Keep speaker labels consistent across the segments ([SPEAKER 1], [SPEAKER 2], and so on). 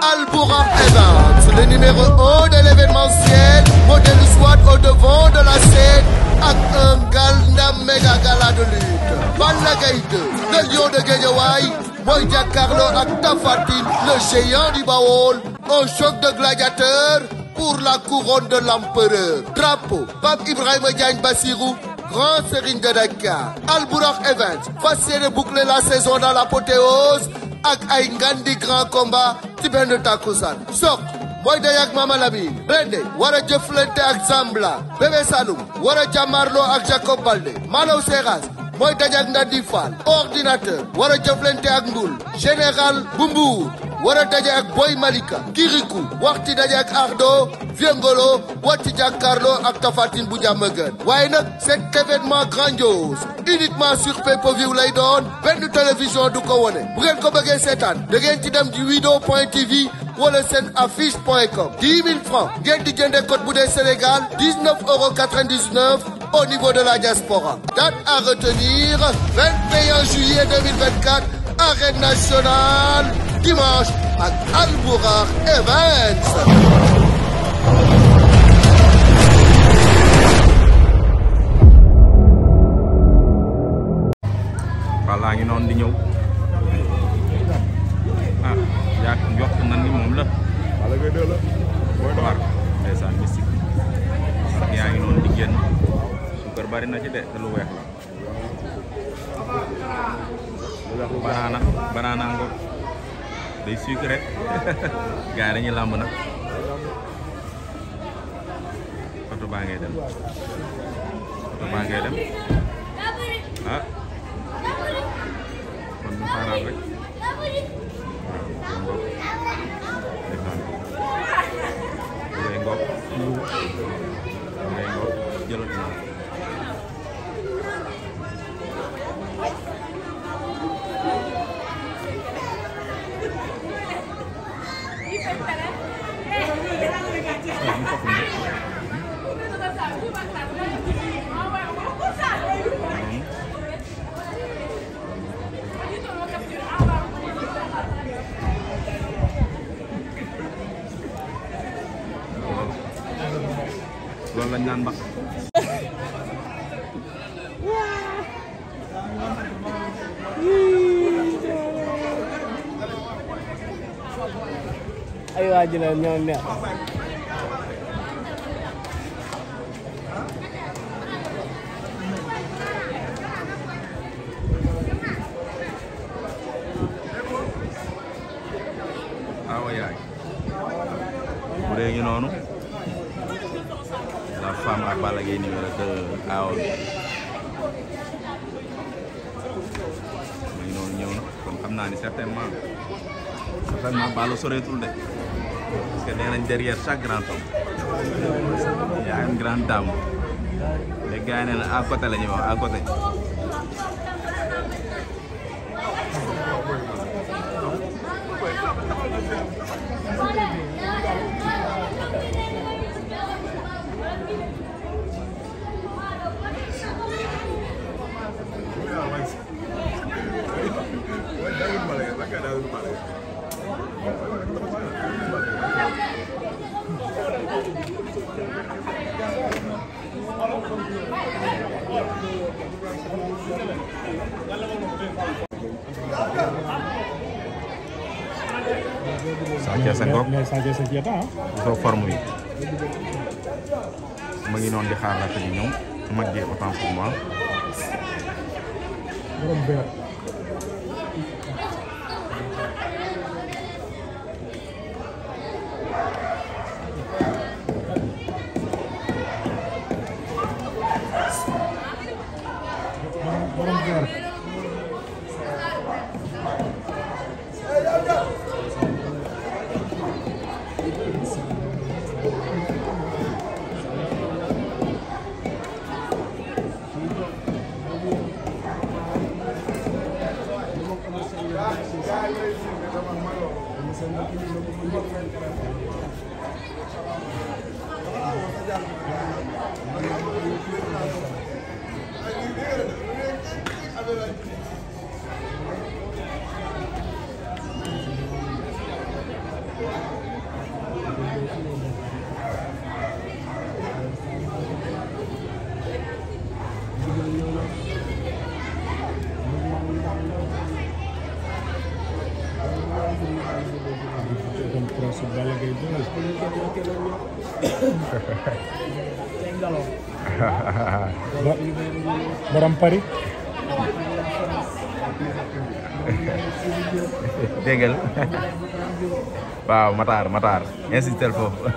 [SPEAKER 1] Albourham Evans, le numéro 1 de l'événementiel, modèle squad au devant de la ak un gala méga gala de lutte. Balla Gaye 2, le lion de Guédiawaye, mooy jàkkaarloo ak Tapha le géant du Baol, un choc de gladiateurs pour la couronne de l'empereur. Drapeau, Pape Ibrahima Diagne Bassirou. Grand Serigne de Dakar Alburakh Events fas yéene boucler la saison dans l'apothéose ak ay ngandi grand combat ci benn takkusaan Sokh Boy Day ak Mama Lamine Blindé war ak Zambla Bébé Saloum war a jàmmaarloo ak Jacob Baldé Malaw Seras mooy daj ak Ndandi Fall ordinateur war ak Ndoul général bu war a daje ak Boy Malika Kirikou waxti daje ak Ardo Viengolo wàcc jàkkaarloo ak Tafatine bu jàmm gën waaye nag c'est événement grandiose uniquement sur pay-per-view lay doon benn télévision du ko wone bu ngeen ko bëggee seetaan da ngeen ci dem ci widewo point tv wala seen affiche point com 10 000 francs ngeen di jëndee code bu dee Sénégal 19 euros 99 au niveau de la diaspora date à retenir 21 juillet 2024 arène dimanche ak Albourakh Events.
[SPEAKER 2] laa ngi noonu di ñëw ah yaa jox na ni moom la wala ngay dëla mooy doxar ndeysaan mystique bi yaa ngi noonu di génn suukar bari na ci de te lu weex la banaana banaana ngoog day sucré gars yi dañuy làmb nag oto baa ngay dem oto baa dem ah kon mu xaaraat rek waaw ngay ngoog ngay ngoog jëloon naa loolu lañ naan mbax ay waa ji la ñoo neex Gueye numéro 2 AO bi noonu ñëw na kon xam naa ni certainement certainement Balla soreetul de parce que nee nañ derrière chaque grand homme y a une grande dame léegi gars yi nee na à côté wax à Sadio Sane kooku mais Sadio Sane jeex na ah. forme bi ma ngi noonu di xaar laata di ñëw ma jéem autant
[SPEAKER 1] Thank you. borom Paris. déggal
[SPEAKER 2] waaw Matar Matar insistel foofu.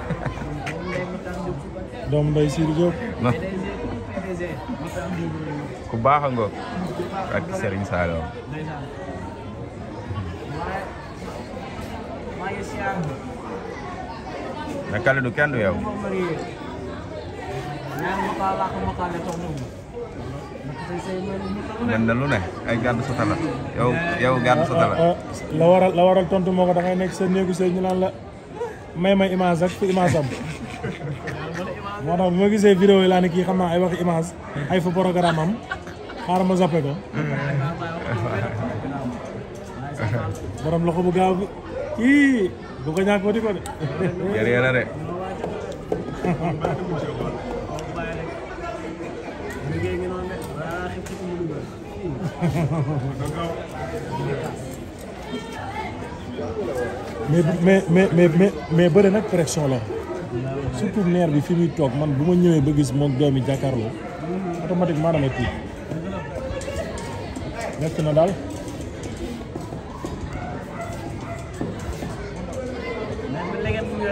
[SPEAKER 2] doomu Ndeye Sidi Diop. ku baax ak Serigne Saloum. Nakalado kando yaw. mën lu ne ay gàddu sa tala yow yow gàddu sa tala la waral la waral tontu ko da nekk sa néegu sëy ñu naan la may may image ak fi image am moo tax bi ma gisee vidéo yi kii xam naa ay waxi image ay fa programme am xaaral ma zappe ko borom loxo bu gaaw ii bu ko ñàkkoo di ko de. yàlla mais mais mais mais mais bëri nag pression la surtout neer bi fi muy toog man bu ma ñëwee ba gis moom doomi jàkkaarloo automatiquement damay tiit nekk na daal.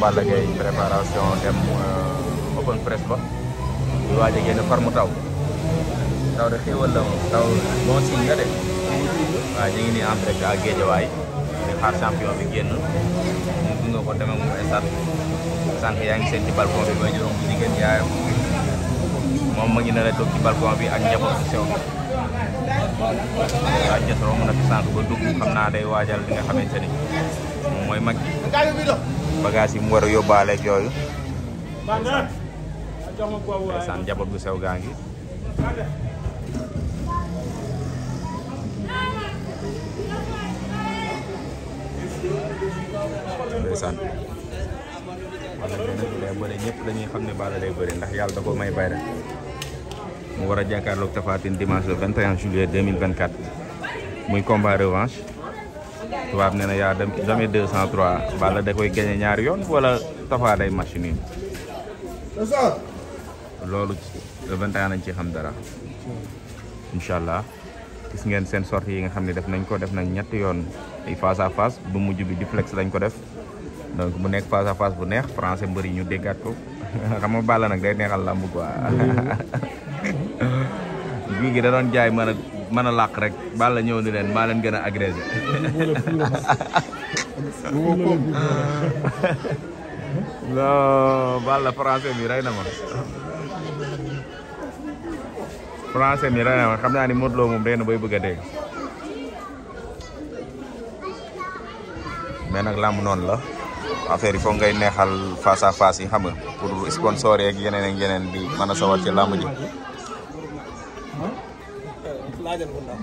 [SPEAKER 2] Balla Gaye préparation dem euh, open press ba di génn far mu taw taw de xéwal la moom de waaw ñu ngi
[SPEAKER 1] nii
[SPEAKER 2] en direct xaar champion bi génn mu gunge ko demee mu stade sànq yaa ngi seen ci balcon bi ba juróom jigéen yaayam moom ma ngi na la toog ci balcon bi ak njaboot sew bi waaw jotoo mu nekk sànq ba dugg xam naa day waajal li nga xamante ni moom mooy mag bagage yi mu war a yóbbaale yooyu ndeysaan njaboot gu sew gaa ngi ndeysaan wala benn bu dee xam ne Balla lay bëre ndax yàlla da ko may bayra mu war a jàkkaarloog Tapha Tine dimanche le 21 juillet 2024 muy combat tubaab nee na yaa dem jamais 203 da koy gañe ñaari yoon wala Tapha day machine yi loolu reventant nañ ci xam dara incha allah gis ngeen seen sortie yi nga xam ne def nañ ko def nañ ñetti yoon ay face à bu mujj bi di flex lañ ko def donc mu nekk face à face bu neex français mbëri ñu déggaat ko xam nga nag day neexal làmb quoi guy gi da doon jaay mën mën a làq rek Balla ñëw ni leen maa leen gën a agressé.
[SPEAKER 1] non Balla français mi rey na ma.
[SPEAKER 2] français mi rey na ma xam naa ni Modou Lo moom dee na bay bëgg a dégg. nag làmb noon la affaire yi ngay neexal face à yi xam nga pour sponsor yeeg yeneen ak yeneen bi a sawar ci làmb ji. లాజనుకుంటాం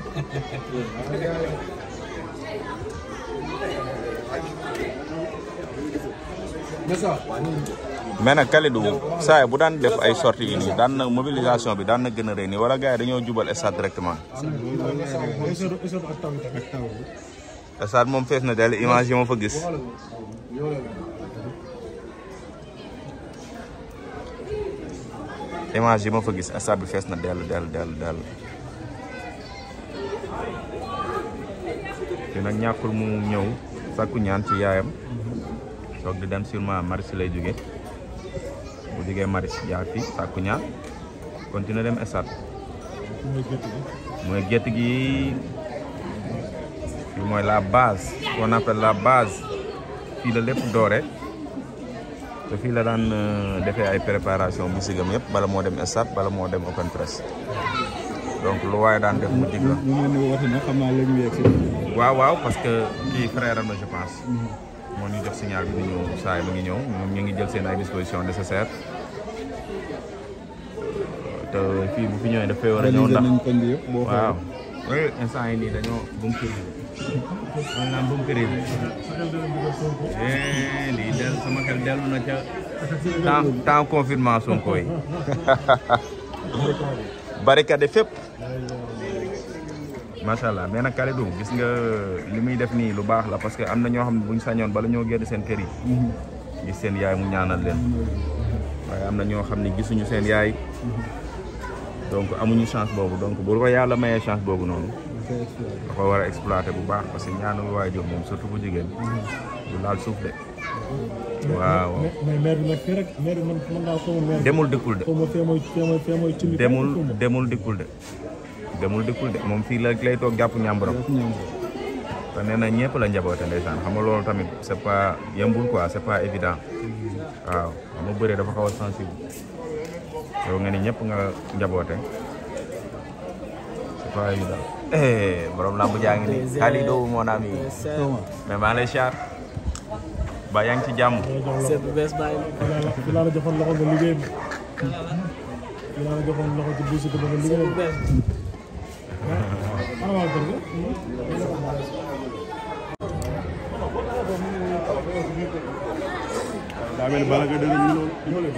[SPEAKER 2] mais saa yi bu daan def ay sorties yi nii daan na mobilisation bi daan na gën a rëy nii wala gars yi dañoo jubal stade directement. stade moom fees na dell image yi ma fa gis. image ma fa gis stade bi fees na dell dell dell dell. nag ñàkkul mu ñëw sàkku ñaan ci yaayam soog di dem sûrement Maris lay jóge bu jógee Maris jaar fii sàkku ñaan continuer dem esat mooy gétt gi bi mooy la base qu'on appelle la base fii la lépp doore te fii la daan euh, defee ay préparation musique am yëpp bala moo dem esat bala moo dem open press donc lu waaye daan def mu dig waaw waaw parce que kii frère na je mm-hmm. moo ñu jox signal bi di ñëw saa mu ngi ñëw moom ñu ngi jël seen ay dispositions nécessaires. te fii bu fi ñëwee daf fay a ñëw ndax waaw. instant yi nii dañoo bunkiri. man naan confinement Sonko yi. bari barricade fépp macha allah mais nag Kalidou gis nga li muy def nii lu baax la parce que am na ñoo xam ne buñ sañoon bala ñoo génn seen kër yi gis seen yaay mu ñaanal leen waaye am na ñoo xam ne gisuñu seen yaay donc amuñu chance boobu donc bu ko yàlla mayee chance boobu noonu da ko war a exploiter bu baax parce que ñaanal waajur moom surtout bu jigéen du laal suuf de waaw mais maire bi demul dikkul de demul demul dikkul de demul dikkul de moom fii la lay toog jàpp ñàmburam na ñëpp la njaboote ndeysaan xam nga loolu tamit c'est pas yembul quoi c'est pas évident waaw xam nga bëree dafa xaw a sensible yow nga ni nga njaboote c'est pas évident eh, borom lamb jaa ngi nii Khalidou mon ami mais maa lay siyaar ba yaa ngi ci jàmm. seet bu bees bàyyi fi laa la joxoon loxo nga liggéey bi fi laa la joxoon loxo ci biir si ko nga liggéey bi. Ah,
[SPEAKER 1] daa mel ni bala nga déglu
[SPEAKER 2] ñu loolu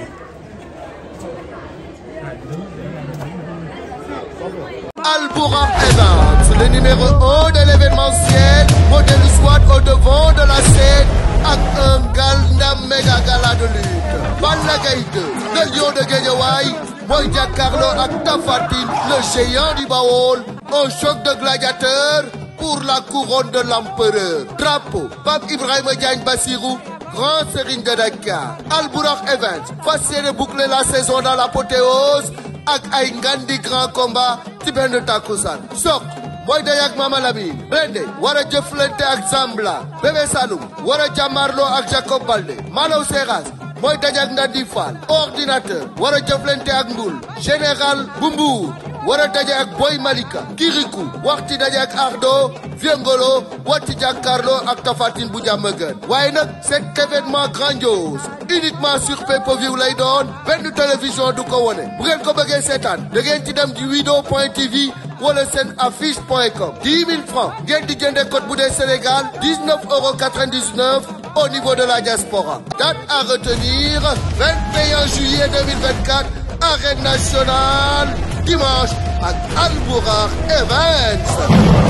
[SPEAKER 1] Al-Bouraq Events, le numéro 1 de l'événementiel, modèle SWAT au devant de la scène. ak un gàllandam méga gala de lutte Balla Gaye 2 le lion de Guédiawaye mooy jàkkaarloo ak Tapha le géant du Baol un choc de gladiateurs pour la couronne de l'empereur drapeau Pape Ibrahima Diagne Bassirou grand serigne de Dakar Albourakh Events fas yéene la saison dans l'apothéose ak ay ngandi grand combat ci benn takkusaan Boy Day ak Mama Lamine Blindé war a jëflante ak Zambla Bébé Saloum war a jàmmaarloo ak Jacob Baldé Malaw Seras mooy daje ak Ndandi Fall ordinateur war a jëflante ak Ndul général Bumbu war a daje ak Boy Malika Kirikou waxti daje ak Ardo Viengolo watti jàkkaarloo ak Tafatine bu jàmm gën waaye nag cet événement grandiose uniquement sur pay-per-view lay doon benn télévision du ko wone bu ngeen ko bëggee seetaan da ngeen ci dem ci wido point tv wala seen affiche point com 10 000 francs ngeen di jëndee code bu dee Sénégal 19 euros 99 au niveau de la diaspora date à retenir 21 juillet arène nationale dimanche ak Albouraq